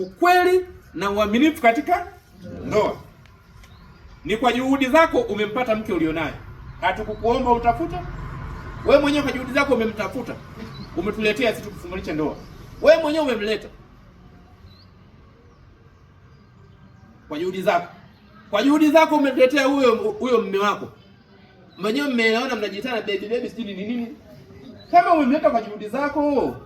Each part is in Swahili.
ukweli na uaminifu katika ndoa. Ni kwa juhudi zako umempata mke ulionaye, hatukukuomba utafute we mwenyewe. Kwa juhudi zako umemtafuta, umetuletea sisi tukufunganishe ndoa, we mwenyewe umemleta kwa juhudi zako, kwa juhudi zako umemletea huyo huyo mme wako mwenyewe, mmeona mnajitana baby baby, sijui ni nini. Kama umemleta kwa juhudi zako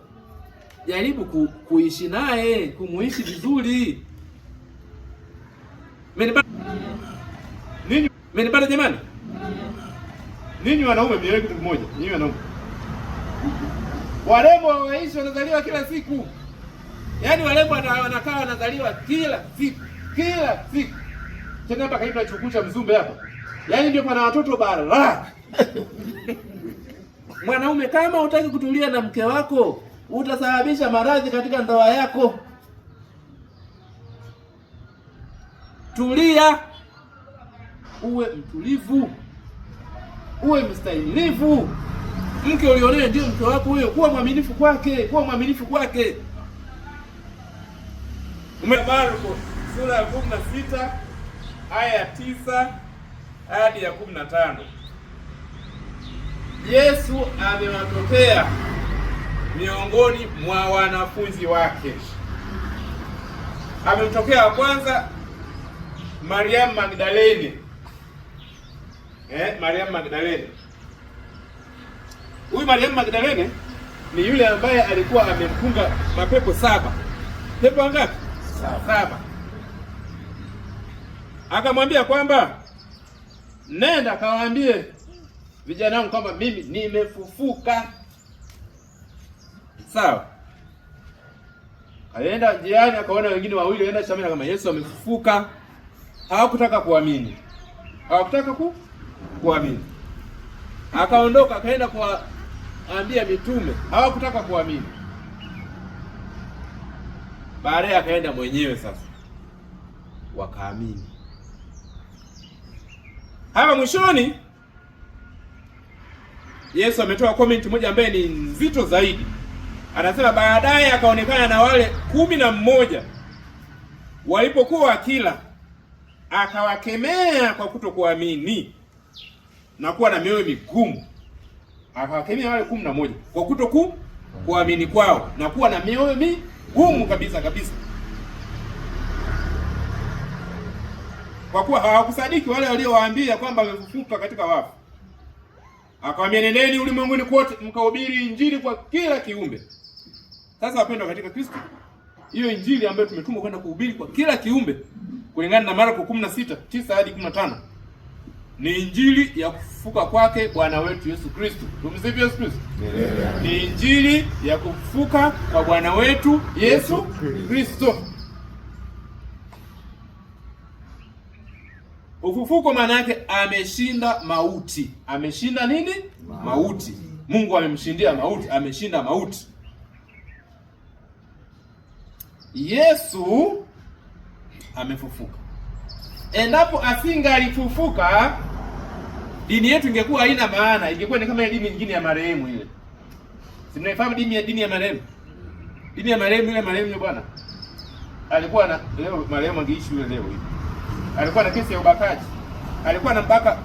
jaribu ku, kuishi naye kumuishi vizuri. Mmenipata jamani? Ninyi wanaume mnielewe kitu kimoja, ninyi wanaume warembo waishi, wanazaliwa kila siku, yaani warembo wanakaa wanazaliwa kila siku kila siku tena, hapa kaipa na cha Mzumbe hapa, yaani ndio pana watoto bara. Mwanaume kama utaki kutulia na mke wako utasababisha maradhi katika ndoa yako. Tulia, uwe mtulivu, uwe mstahimilivu. Mke ulionee ndio mke wako huyo, kuwa mwaminifu kwake, kuwa mwaminifu kwake. Marko sura ya kumi na sita aya ya tisa hadi ya kumi na tano Yesu amewatokea miongoni mwa wanafunzi wake. Amemtokea wa kwanza Mariamu Magdalene, eh, Mariamu Magdalene. Huyu Mariamu Magdalene ni yule ambaye alikuwa amempunga mapepo saba. Pepo ngapi? Saba. Akamwambia kwamba nenda kawaambie vijana wangu kwamba mimi nimefufuka sawa. Alienda jiani akaona wengine wawili waenda shambani, kama Yesu amefufuka. Hawakutaka kuamini, hawakutaka ku kuamini. Akaondoka akaenda kuwaambia mitume, hawakutaka kuamini. Baadaye akaenda mwenyewe, sasa wakaamini. Hapa mwishoni Yesu ametoa comment moja ambaye ni nzito zaidi Anasema baadaye akaonekana na wale kumi na mmoja walipokuwa wakila, akawakemea kwa kutokuamini na kuwa na mioyo migumu. Akawakemea wale kumi na moja kwa kutoku kuamini kwao na kuwa na mioyo migumu kabisa kabisa, kwa kuwa hawakusadiki wale waliowaambia kwamba wamefufuka katika wafu. Akawaambia, nendeni ulimwenguni kote mkahubiri Injili kwa kila kiumbe. Sasa wapendwa katika Kristo, hiyo injili ambayo tumetumwa kwenda kuhubiri kwa kila kiumbe kulingana na Marko 16:9 hadi 15 ni injili ya kufufuka kwake Bwana wetu Yesu Kristo. Tumsifu Yesu Kristo. Ni injili ya kufufuka kwa Bwana wetu Yesu Kristo. Ufufuko maana yake ameshinda mauti. Ameshinda nini? Mauti. Mungu amemshindia mauti, ameshinda mauti. Yesu amefufuka. Endapo asinga alifufuka, dini yetu ingekuwa haina maana, ingekuwa ni kama ile dini nyingine ya marehemu ile. Si mnaifahamu dini ya dini ya marehemu? Dini ya marehemu ile, marehemu ile bwana alikuwa na leo, marehemu angeishi yule leo hivi, alikuwa na kesi ya ubakaji, alikuwa na mpaka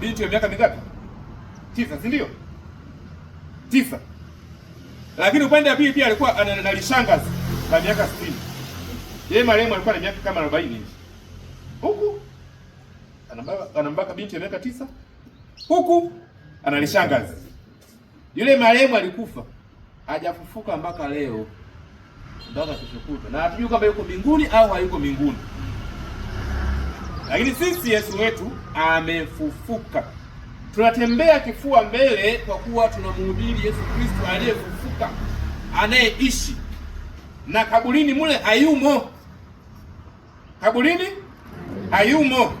binti ya miaka mingapi? Tisa, si ndio? Tisa. Lakini upande wa pili pia alikuwa ana na lishangazi na miaka 60. Yeye marehemu alikuwa na miaka kama arobaini hivi, huku anambaka binti ya miaka tisa, huku analishangazi. Yule marehemu alikufa hajafufuka mpaka leo, mpaka kesho na hatujui kama yuko mbinguni au hayuko mbinguni, lakini sisi Yesu wetu amefufuka. Tunatembea kifua mbele, kwa kuwa tunamhubiri Yesu Kristo aliyefufuka, anayeishi na kaburini mule hayumo, kaburini hayumo.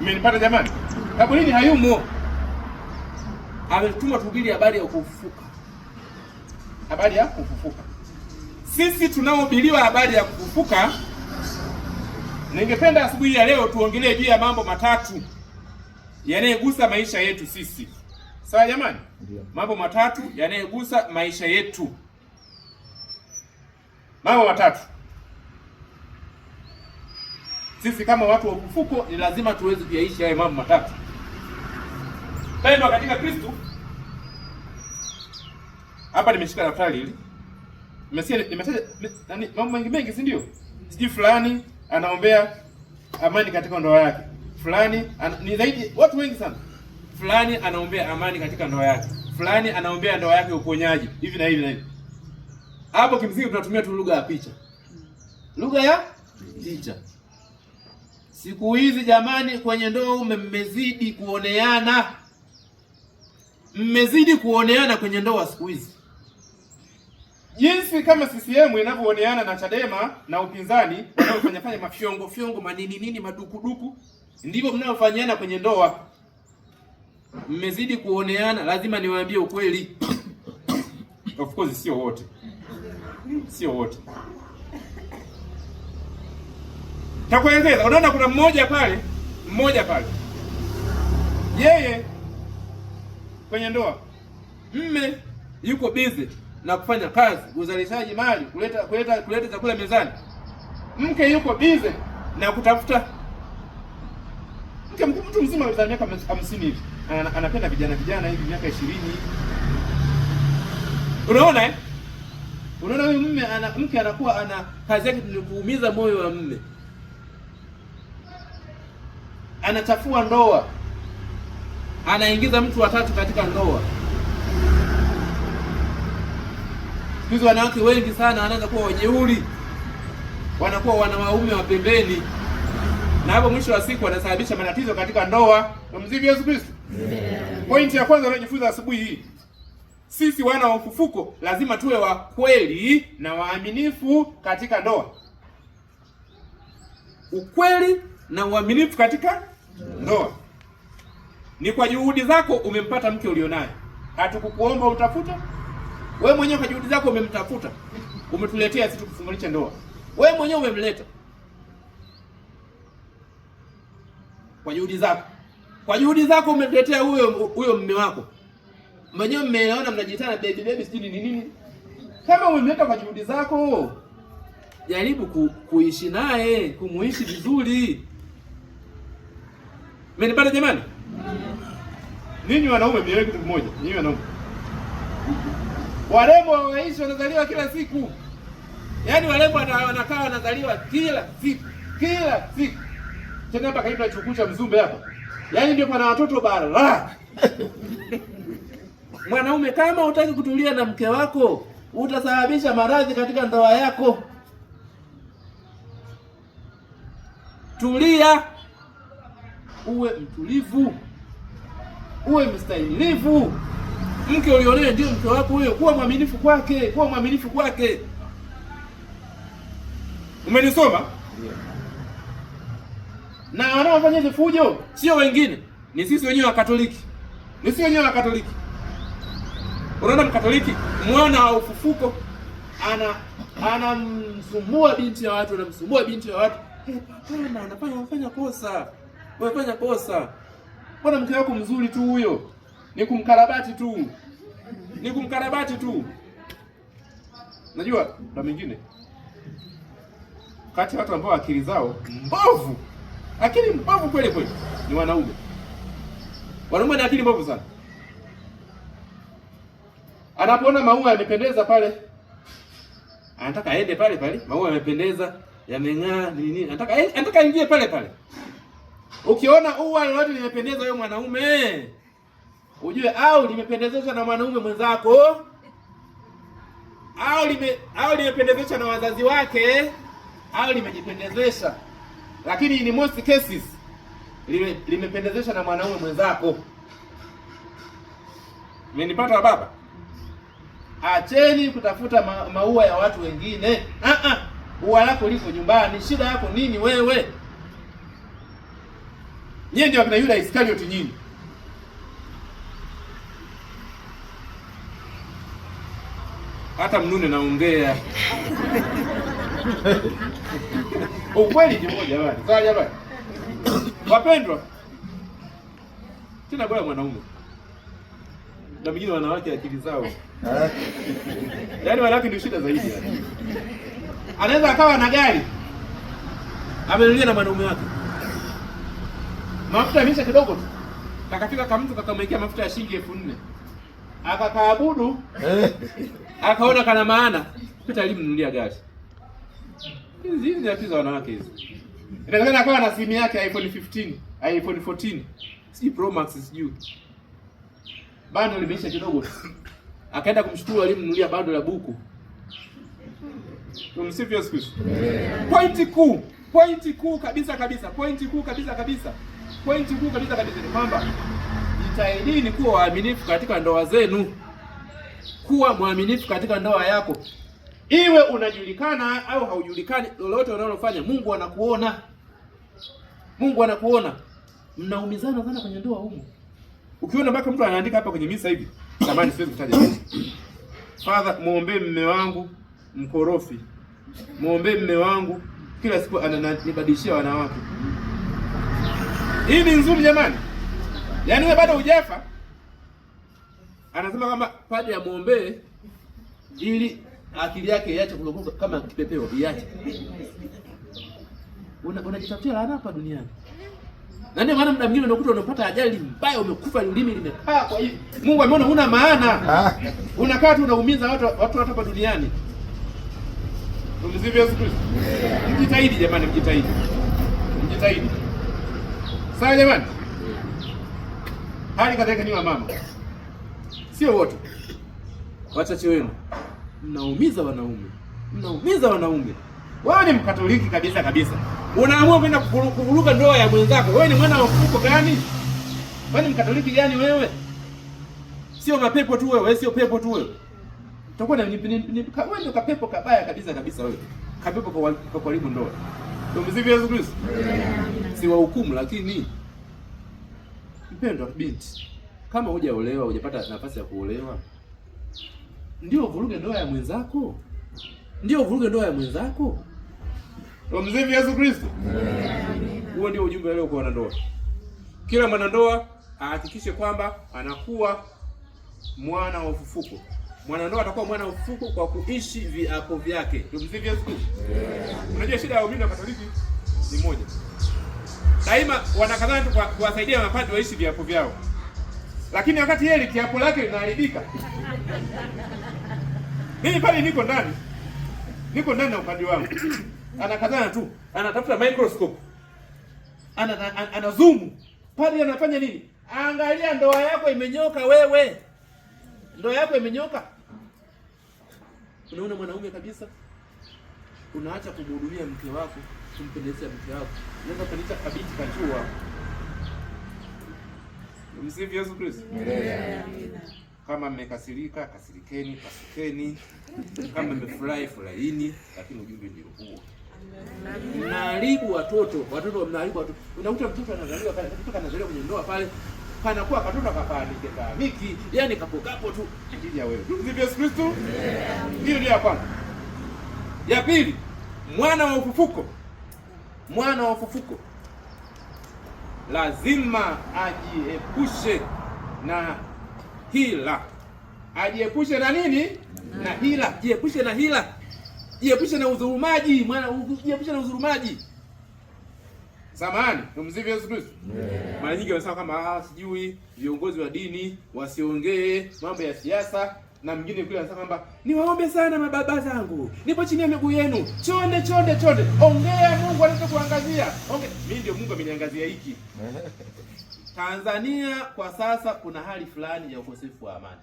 Mmenipata jamani? Kaburini hayumo, ametuma tuhubiri habari ya kufufuka, habari ya kufufuka. Sisi tunaohubiriwa habari ya kufufuka, ningependa asubuhi ya leo tuongelee juu ya mambo matatu yanayegusa maisha yetu sisi. Sawa jamani? Mambo matatu yanayegusa maisha yetu mambo watatu. Sisi kama watu wa ufufuko ni lazima tuweze kuyaishi haya mambo matatu. Pendwa katika Kristo. Hapa nimeshika daftari hili. Nimesikia nimetaja nani mambo mengi mengi, si ndio? Sijui fulani anaombea amani katika ndoa yake. Fulani an, ni zaidi watu wengi sana. Fulani anaombea amani katika ndoa yake. Fulani anaombea ndoa yake uponyaji. Hivi na hivi na hivi. Hapo kimsingi tunatumia tu lugha ya picha, lugha ya picha. Siku hizi jamani, kwenye ndoa mmezidi kuoneana, mmezidi kuoneana kwenye ndoa siku hizi, jinsi kama CCM inavyooneana na Chadema na upinzani fanya mafyongo fyongo manini nini madukuduku, ndivyo mnaofanyana kwenye ndoa, mmezidi kuoneana. Lazima niwaambie ukweli, of course sio wote sio wote. Takuelekeza, unaona kuna mmoja pale, mmoja pale, yeye kwenye ndoa, mme yuko busy na kufanya kazi, uzalishaji mali, kuleta kuleta kuleta chakula mezani. Mke yuko busy na kutafuta mke, mtu mzima za miaka hamsini hivi anapenda vijana vijana hivi miaka ishirini hivi, unaona eh? Unaona huyu mume ana mke anakuwa ana kazi yake ni kuumiza moyo wa mume, anachafua ndoa, anaingiza mtu watatu katika ndoa. Hizo wanawake wengi sana wanaanza kuwa wajeuri, wanakuwa wana waume wa pembeni, na hapo mwisho wa siku wanasababisha matatizo katika ndoa. mzivi Yesu Kristo. Pointi ya kwanza unayojifunza asubuhi hii sisi wana wa ufufuko lazima tuwe wa kweli na waaminifu katika ndoa. Ukweli na uaminifu katika ndoa ni kwa juhudi zako umempata mke ulionaye, hatukukuomba utafute we mwenyewe, kwa juhudi zako umemtafuta, umetuletea sisi tukufunganishe ndoa, We mwenyewe umemleta kwa juhudi zako, kwa juhudi zako umemletea huyo huyo mume wako Mwenyewe mmeona mnajitana baby baby sijui ni nini. Kama umemweka kwa juhudi zako, jaribu ku, kuishi naye, kumuishi vizuri. Mmenipata jamani? Ninyi wanaume mnielewe kitu kimoja, ninyi wanaume. Warembo hawaishi wanazaliwa kila siku. Yaani warembo wanakaa wanazaliwa kila siku, kila siku. Tena hapa karibu na chukucha mzumbe hapa. Yaani ndio pana watoto bara. Mwanaume, kama utaki kutulia na mke wako, utasababisha maradhi katika ndoa yako. Tulia, uwe mtulivu, uwe mstahimilivu. Mke ulionee ndio mke wako huyo, kuwa mwaminifu kwake, kuwa mwaminifu kwake. Umenisoma? Yeah. Na wanaofanya hizo fujo sio wengine, ni sisi wenyewe wa Katoliki, ni sisi wenyewe wa Katoliki. Unaona, Mkatoliki mwana wa ufufuko ana anamsumbua binti ya watu, anamsumbua binti ya watu. Hey, eh, hapana, anafanya anafanya kosa, unafanya kosa. Mbona mke wako mzuri tu huyo, ni kumkarabati tu, ni kumkarabati tu. Najua na mingine. kati ya watu ambao akili zao mbovu, akili mbovu kweli kweli ni wanaume. Wanaume na akili mbovu sana anapoona maua yamependeza pale, anataka aende pale pale, maua yamependeza, yameng'aa nini, anataka anataka aingie pale pale. Ukiona ua lolote limependeza yule mwanaume, ujue au limependezeshwa na mwanaume mwenzako au lime au limependezeshwa na wazazi wake au limejipendezesha, lakini in most cases lime, limependezeshwa na mwanaume mwenzako. Mmenipata baba? Acheni kutafuta ma maua ya watu wengine. Ah, ua lako liko nyumbani, shida yako nini wewe? Nyie ndio akina Yuda Iskarioti nyinyi. Hata mnune naongea ukweli ni moja bali. Sawa jamani, wapendwa, tena bora mwanaume na mengine wanawake akili zao eh? yaani wanawake ndio shida zaidi. Anaweza akawa na gari amenunulia na mwanaume wake, mafuta yameisha kidogo tu, kakafika mtu kakamwekea mafuta ya shilingi elfu nne akakaabudu, eh? akaona kana maana pita alimnunulia gari. Hizi hizi akili za wanawake hizi. Inawezekana akawa na simu yake iPhone 15, iPhone 14, si Pro Max sijui bando limeisha kidogo, akaenda kumshukuru alimnunulia bando la buku. Tumsifie Yesu Kristo. Pointi kuu, pointi kuu kabisa kabisa, pointi kuu kabisa kabisa, pointi kuu kabisa kabisa ni kwamba jitahidini kuwa waaminifu katika ndoa zenu. Kuwa mwaminifu katika ndoa yako, iwe unajulikana au haujulikani, lolote unalofanya Mungu anakuona. Mungu anakuona. Mnaumizana sana kwenye ndoa humu. Ukiona mpaka mtu anaandika hapa kwenye misa hivi, samahani siwezi kutaja Father, muombe mme wangu mkorofi. Muombe mme wangu kila siku ananibadilishia wanawake. Hii ni nzuri jamani. Yaani wewe bado hujafa. Anasema kama padre amuombee ili akili yake iache kulogoka kama kipepeo iache. Unajitafutia una laana hapa duniani. Na ndio maana muda mwingine unakuta unapata ajali mbaya, umekufa ulimi limekaa. Kwa hiyo Mungu ameona huna maana, ah. unakaa tu unaumiza watu watu hapa duniani. Tumsifu Yesu Kristo. Mjitahidi jamani, mjitahidi, mjitahidi. Sawa jamani, hali kadhalika ni wa mama, sio wote, wachache wenu mnaumiza wanaume, mnaumiza wanaume. Wewe ni Mkatoliki kabisa kabisa unaamua kwenda kuvuruga ndoa ya mwenzako. Wewe ni mwana wa mfuko gani? Kwani mkatoliki gani wewe? Sio mapepo tu wewe, sio pepo tu wewe. Utakuwa na wewe kapepo kabaya kabisa kabisa wewe. Kapepo kwa karibu ndoa. mzivi Yesu Kristo. Si wa hukumu lakini mpendwa binti, kama hujaolewa, hujapata nafasi ya kuolewa, ndio vuruge ndoa ya mwenzako, ndio vuruge ndoa ya mwenzako. Tumsifu Yesu Kristo. Huo ndio ujumbe leo kwa wanandoa. Kila mwanandoa ahakikishe kwamba anakuwa mwana wa ufufuko. Mwanandoa atakuwa mwana wa ufufuko kwa kuishi viapo vyake. Tumsifu Yesu Kristo. Unajua shida ya waumini wa Katoliki ni moja. Daima wanakadhani tu kuwasaidia mapadri waishi viapo vyao. Lakini wakati yeye kiapo lake linaharibika. Mimi pale niko ndani. Niko ndani na upadri wangu anakatana tu, anatafuta microscope, ana, ana, ana zoom pale, anafanya nini? Angalia ndoa yako imenyoka, wewe ndoa yako imenyoka. Unaona mwanaume kabisa, unaacha kumhudumia mke wako, kumpendeza mke wako, unaenda kanisa kabiti kachua. Msifu Yesu Kristo. Kama mmekasirika, kasirikeni, kasikeni. Kama mmefurahi, furahini, lakini ujumbe ndio huo mnaharibu watoto, watoto mnaharibu watoto. Unakuta mtoto anazaliwa pale, mtoto anazaliwa kwenye ndoa pale, panakuwa katoto kafahamike fahamiki, yani kapo tu ajili ya wewe. ndugu Yesu Kristo. Hiyo ndio ya kwanza. Ya pili, mwana wa ufufuko, mwana wa ufufuko lazima ajiepushe na hila. Ajiepushe na nini? Na hila. Jiepushe na hila jiepushe na udhulumaji, mwana jiepushe na udhulumaji. Samahani, tumsifu Yesu Kristo. Yeah. Mara nyingi wanasema kama ah, sijui viongozi wa dini wasiongee mambo ya siasa na mwingine kule anasema kwamba niwaombe sana mababa zangu, nipo chini ya miguu yenu, chonde chonde chonde, ongea, Mungu anachokuangazia. Okay, mimi ndio Mungu ameniangazia hiki. Tanzania kwa sasa kuna hali fulani ya ukosefu wa amani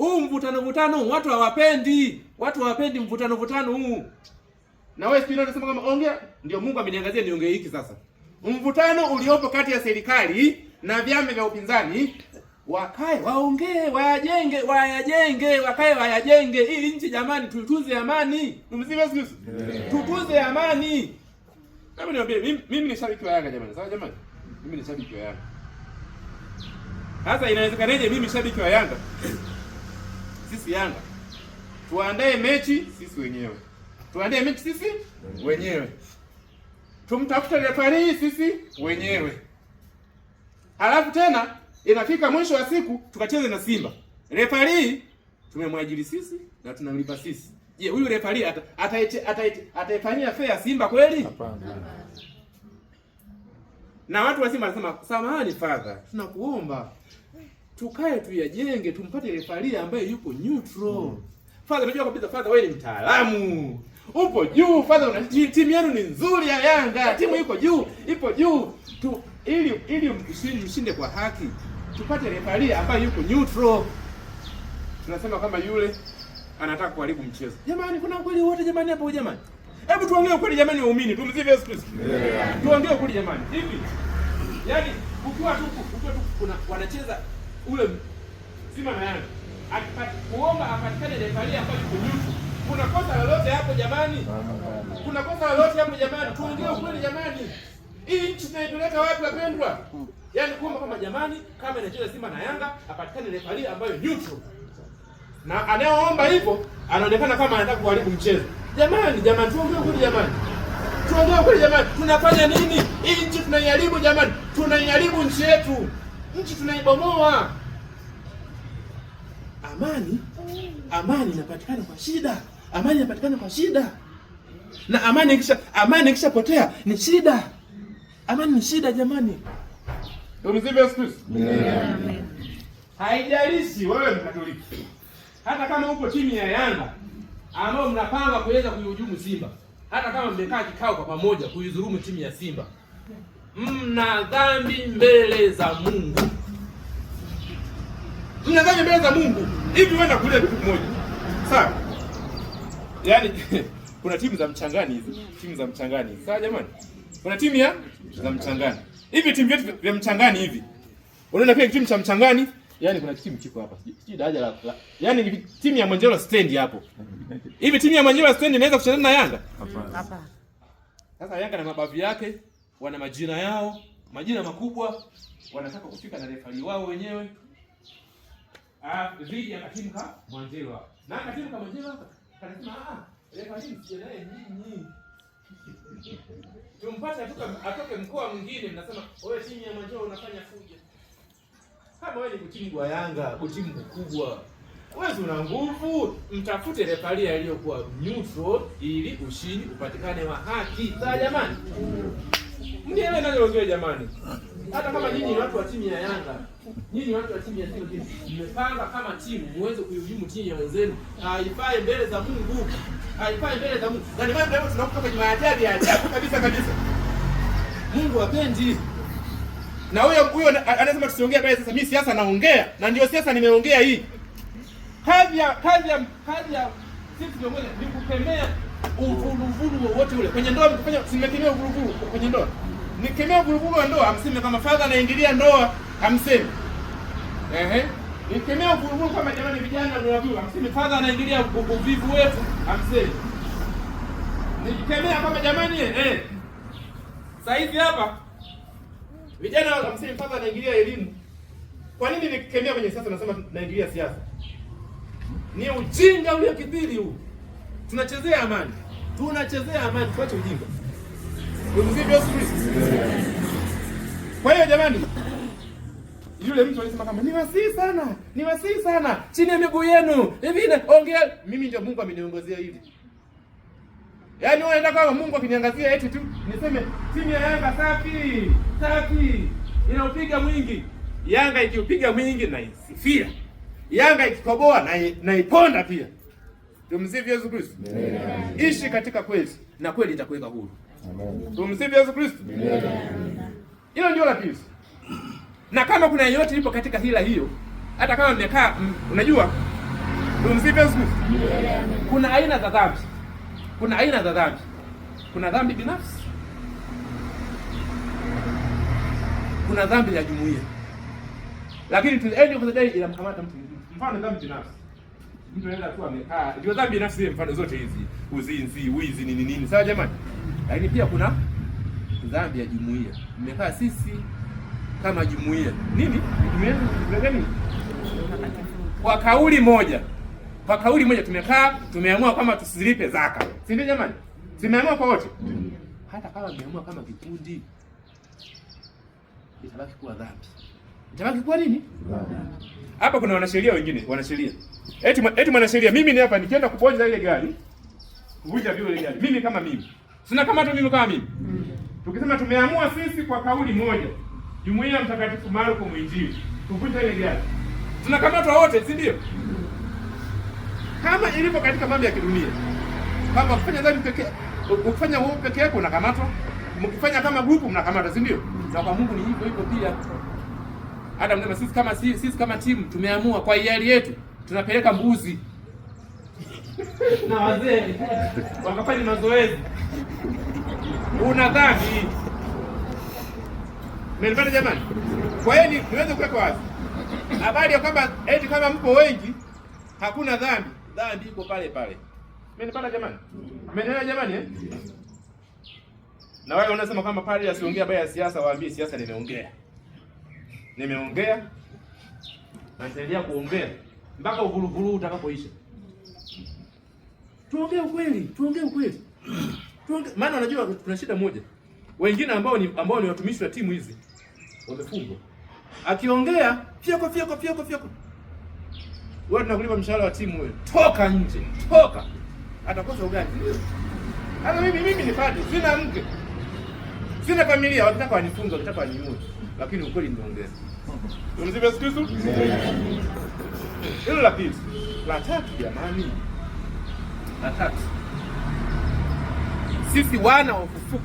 huu mvutano mvutano watu hawapendi, watu hawapendi mvutano mvutano huu. Na wewe sio unasema kama ongea, ndio Mungu ameniangazia niongee hiki sasa. Mvutano uliopo kati ya serikali na vyama vya upinzani, wakae waongee, wayajenge, wayajenge, wakae wayajenge hii nchi jamani, tutunze amani. Umsiwe Yesu Yeah. Tutunze amani. Kama niambie mimi, mimi ni shabiki wa Yanga jamani. Sawa jamani? Mimi ni shabiki wa Yanga. Sasa inawezekanaje mimi shabiki wa Yanga sisi Yanga tuandae mechi sisi wenyewe, tuandae mechi sisi wenyewe, tumtafute refari sisi wenyewe, halafu tena inafika mwisho wa siku tukacheze na Simba. Refari tumemwajiri sisi na tunamlipa sisi. Je, huyu refari ataifanyia ata, ata, ata fair Simba kweli? Hapana. Na watu wa Simba wanasema samahani, fadha, tunakuomba tukae tuyajenge, tumpate refaria ambaye yupo neutral mm. Father, unajua kabisa Father, wewe ni mtaalamu, upo juu Father, una timu yenu ni nzuri ya Yanga, timu iko juu, ipo juu tu, ili ili mshinde kwa haki, tupate refaria ambaye yuko neutral. Tunasema kama yule anataka kuharibu mchezo. Jamani, kuna ukweli wote jamani hapo jamani. Hebu tuongee ukweli jamani, waumini tumsifu Yesu Kristo. Yeah. Tuongee ukweli jamani. Hivi. yani ukiwa tu ukiwa tu kuna wanacheza ule Simba na Yanga kuomba apatikane refari ambayo kujufu. Kuna kosa lolote hapo jamani? Kuna kosa lolote hapo jamani? Tuongee ukweli jamani, hii nchi tunaipeleka wapi wapendwa? Yaani kuomba kama jamani, kama inacheza Simba na Yanga apatikane refari ambayo neutral, na anayeomba hivyo anaonekana kama anataka kuharibu mchezo. Jamani, jamani, tuongee ukweli jamani tuongee ukweli jamani, tunafanya nini? Hii nchi tunaiharibu jamani, tunaiharibu nchi yetu nchi tunaibomoa. Amani, amani inapatikana kwa shida, amani inapatikana kwa shida. Na amani ikisha amani ikishapotea ni shida, amani ni shida jamani. Yeah. Haijalishi wewe Mkatoliki, hata kama uko timu ya Yanga ambao mnapanga kuweza kuihujumu Simba, hata kama mmekaa kikao kwa pamoja kuidhulumu timu ya Simba mna dhambi mbele za Mungu, mna dhambi mbele za Mungu. Hivi wewe nakulia kitu kimoja sawa? Yaani kuna timu za mchangani hizi, timu za mchangani sawa jamani, kuna timu ya za mchangani hivi, timu vyetu vya mchangani hivi, unaona pia timu cha mchangani Yaani kuna timu kiko hapa. Sijui daraja la, la. Yaani ni timu ya Manjelo Stand hapo. Hivi timu ya Manjelo Stand inaweza kucheza na Yanga? Hapana. Sasa Yanga na mabavu yake wana majina yao, majina makubwa, wanataka kufika na refari wao wenyewe dhidi ah, ya katimu ka Mwanjewa, na katimu ka Mwanjewa kanasema ah, refari msijae nyinyi tumpate atoke mkoa mwingine, mnasema wewe chini ya Mwanjewa unafanya fujo. Kama wewe ni kutingwa Yanga, kutimu kubwa wewe una nguvu, mtafute refari aliyokuwa neutral ili ushindi upatikane wa haki za jamani mnielewe naloziwe jamani. Hata kama nyinyi watu wa timu ya Yanga, nyinyi watu wa timu ya Simba, mmepanga kama timu muweze kuihujumu timu ya wenzenu. Haifai mbele za Mungu, haifai mbele za Mungu. Na ndio maana leo tunakuta kwenye maajabu ya ajabu kabisa kabisa. Mungu apendi. Na huyo huyo anasema tusiongee pale sasa. Mimi siasa naongea na ndio siasa nimeongea hii. Kazi ya kazi ya kazi ya sisi viongozi ni kukemea uvuruvuru wowote ule. Kwenye ndoa mkifanya simekemea uvuruvuru kwenye ndoa nikemea vurugu wa ndoa amseme kama fadha anaingilia ndoa amseme. Ehe, nikemea vurugu kama jamani, vijana mnajua, amseme fadha anaingilia uvivu wetu amseme. Nikemea kama jamani, eh, sasa hivi hapa vijana amseme fadha anaingilia elimu. Kwa nini nikemea kwenye siasa nasema naingilia siasa? Ni ujinga ule kidhili huu. Tunachezea amani, tunachezea amani, tuache ujinga. Tumsifu Yesu Kristo. Kwa hiyo jamani, yule mtu alisema kama ni sana, ni sana, chini ya miguu yenu hivi, ongea mimi, ndio Mungu ameniongozea hivi. Yaani wewe unataka kama Mungu akiniangazia eti tu niseme timu ya Yanga safi, safi. Inaupiga mwingi. Yanga ikiupiga mwingi na isifia. Yanga ikikoboa na naiponda pia. Tumsifu Yesu Kristo. Ishi katika kweli na kweli itakuweka huru. Tumsifu Yesu Kristo. Hilo ndio la pili. Na kama kuna yeyote ipo katika hila hiyo, hata kama mmekaa unajua, tumsifu Yesu Kristo. Kuna aina za dhambi, kuna aina za dhambi, kuna dhambi binafsi, kuna dhambi ya jumuiya, lakini to the end of the day inamkamata mtu mzima. Mfano dhambi binafsi mtu anaweza kuwa amekaa, ndio dhambi binafsi. Mfano zote hizi uzinzi, wizi, nini nini, sawa jamani lakini pia kuna dhambi ya jumuiya. Mmekaa sisi kama jumuiya nini, kwa kauli moja, kwa kauli moja tumekaa, tumeamua kwamba tusilipe zaka, si ndio jamani? Tumeamua kwa wote, hata kama mmeamua kama kikundi, itabaki kuwa dhambi, itabaki kuwa nini? Hapa kuna wanasheria wengine, wanasheria eti eti mwanasheria, mimi ni hapa nikienda kuponza ile gari, kuvunja vile gari, mimi kama mimi sinakamatwa mimi kama mimi. Mm. Tukisema tumeamua sisi kwa kauli moja, jumuiya Mtakatifu Marko Mwinjili, tuvute ile gari, tunakamatwa wote, si ndio? Mm. Kama ilivyo katika mambo ya kidunia, kama ukifanya dhambi pekee, ukifanya wewe peke yako unakamatwa, mkifanya kama grupu mnakamatwa, si ndio? Na mm. kwa Mungu ni hivyo hivyo pia. Hata mnasema sisi kama sisi kama timu tumeamua kwa hiari yetu tunapeleka mbuzi na wazee wakafanya mazoezi. Una dhambi menipata jamani. Kwa hiyo niweze kuweka wazi habari ya kwamba eti kama mpo wengi hakuna dhambi, dhambi iko pale pale. Menipata jamani, menelewa jamani eh? Na wale wanasema kwamba pale asiongea baya ya siasa, waambie siasa nimeongea, nimeongea na nitaendelea kuongea mpaka uvuruvuru utakapoisha tuongee ukweli, tuongee ukweli, tuongee maana, unajua tuna shida moja, wengine ambao ni ambao ni watumishi wa timu hizi wamefungwa, akiongea fyoko fyoko fyoko fyoko, wewe tunakulipa mshahara wa timu, wewe toka nje, toka, atakosa ugali. Hata mimi mimi ni nipate, sina mke sina familia, wakitaka wanifunge, wakitaka waniue, lakini ukweli nitaongea. Tumsifu Yesu Kristo. Hilo la pili. La tatu jamani na tatu. Sisi wana wa ufufuko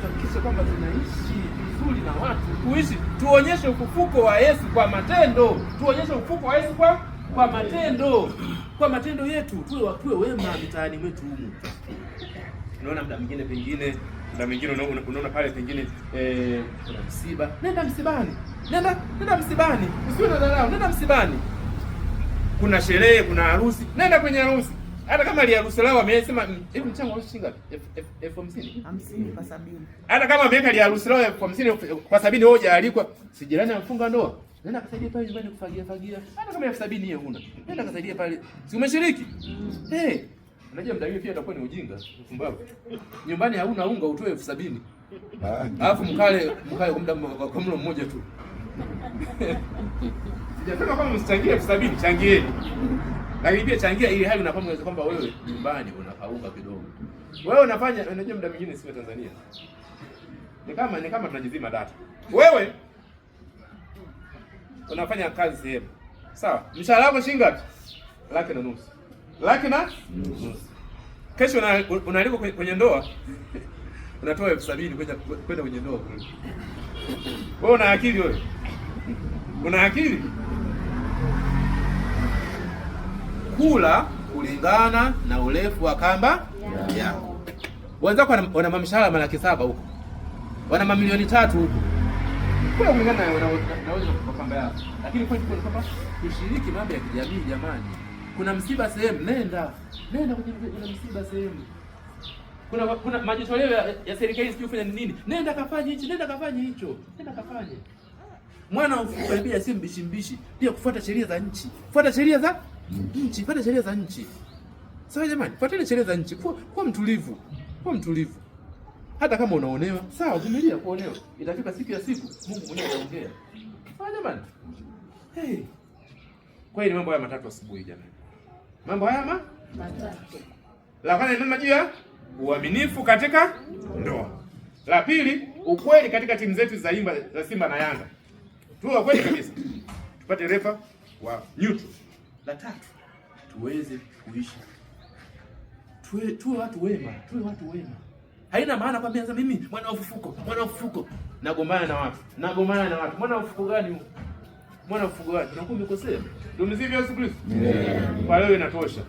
tuhakikishe kwamba tunaishi vizuri na watu kuishi, tuonyeshe ufufuko wa Yesu kwa matendo, tuonyeshe ufufuko wa Yesu kwa kwa matendo, kwa matendo yetu, tuwe tuwe wema mitaani mwetu humu. Unaona, mda mwingine pengine mda mwingine unaona pale pengine eh, kuna msiba, nenda msibani, nenda nenda msibani, usiwe na dharau, nenda msibani kuna sherehe, kuna harusi, nenda kwenye harusi. Hata kama ile harusi lao wamesema hivi, mchango wa shilingi ngapi? elfu hamsini kwa sabini. Hata kama ameweka ile harusi lao elfu hamsini kwa sabini, wewe hujaalikwa, si jirani amefunga ndoa, nenda kasaidie pale nyumbani kufagia fagia. Hata kama elfu sabini hiyo huna, nenda kasaidie pale, si umeshiriki? Mm. Eh, unajua mdawii pia atakuwa ni ujinga mpumbavu. Nyumbani hauna unga, utoe elfu sabini ah. alafu mkale mkale kwa mlo mmoja tu Sijasema kama msichangie elfu sabini, changieni. Lakini pia changia ili hali unafahamu unaweza kwamba wewe nyumbani unapauka kidogo. Wewe unafanya unajua muda mwingine sio Tanzania. Ni kama ni kama tunajizima data. Wewe unafanya kazi sehemu. Sawa? Mshahara wako shilingi ngapi? Laki na nusu. Laki na nusu. Kesho unaalikwa kwenye ndoa. Unatoa elfu sabini kwenda kwenda kwenye ndoa. Wewe una akili wewe? Una akili? kula kulingana na urefu wa kamba yako. Yeah. Wenzako wana mamshahara malaki saba huko, wana mamilioni tatu huko, kula kulingana na uwezo wa kamba yako. Lakini kweli kweli kwamba kushiriki mambo ya kijamii, jamani, kuna msiba sehemu, nenda nenda kwenye msiba sehemu kuna kuna majitoleo ya, ya serikali sijui fanya nini, nenda kafanye hichi, nenda kafanye hicho, nenda kafanye. Mwana ufukaribia si mbishimbishi, pia kufuata sheria za nchi, fuata sheria za nchi, fuata sheria za nchi. Sawa jamani, fuateni sheria za nchi. Kuwa, mtulivu, kuwa mtulivu. Hata kama unaonewa, sawa, vumilia kuonewa. Itafika siku ya siku Mungu mwenyewe ataongea. Sawa jamani. Hey. Kwa hiyo mambo haya matatu asubuhi jamani. Mambo haya ma? matatu. La kwanza ni mambo ya uaminifu katika ndoa. La pili, ukweli katika timu zetu za Simba, za Simba na Yanga. Tuwe kweli kabisa. Tupate refa wa neutral. La tatu tuweze kuishi, tuwe, tuwe watu wema, tuwe watu wema. Haina maana kwa mianza mimi mwana wa ufufuko, mwana wa ufufuko, nagombana na watu, nagombana na watu. Mwana wa ufufuko gani huyo? Mwana wa ufufuko gani? Nakuwa umekosea. Ndio mzigo wa Yesu Kristo. Kwa hiyo inatosha.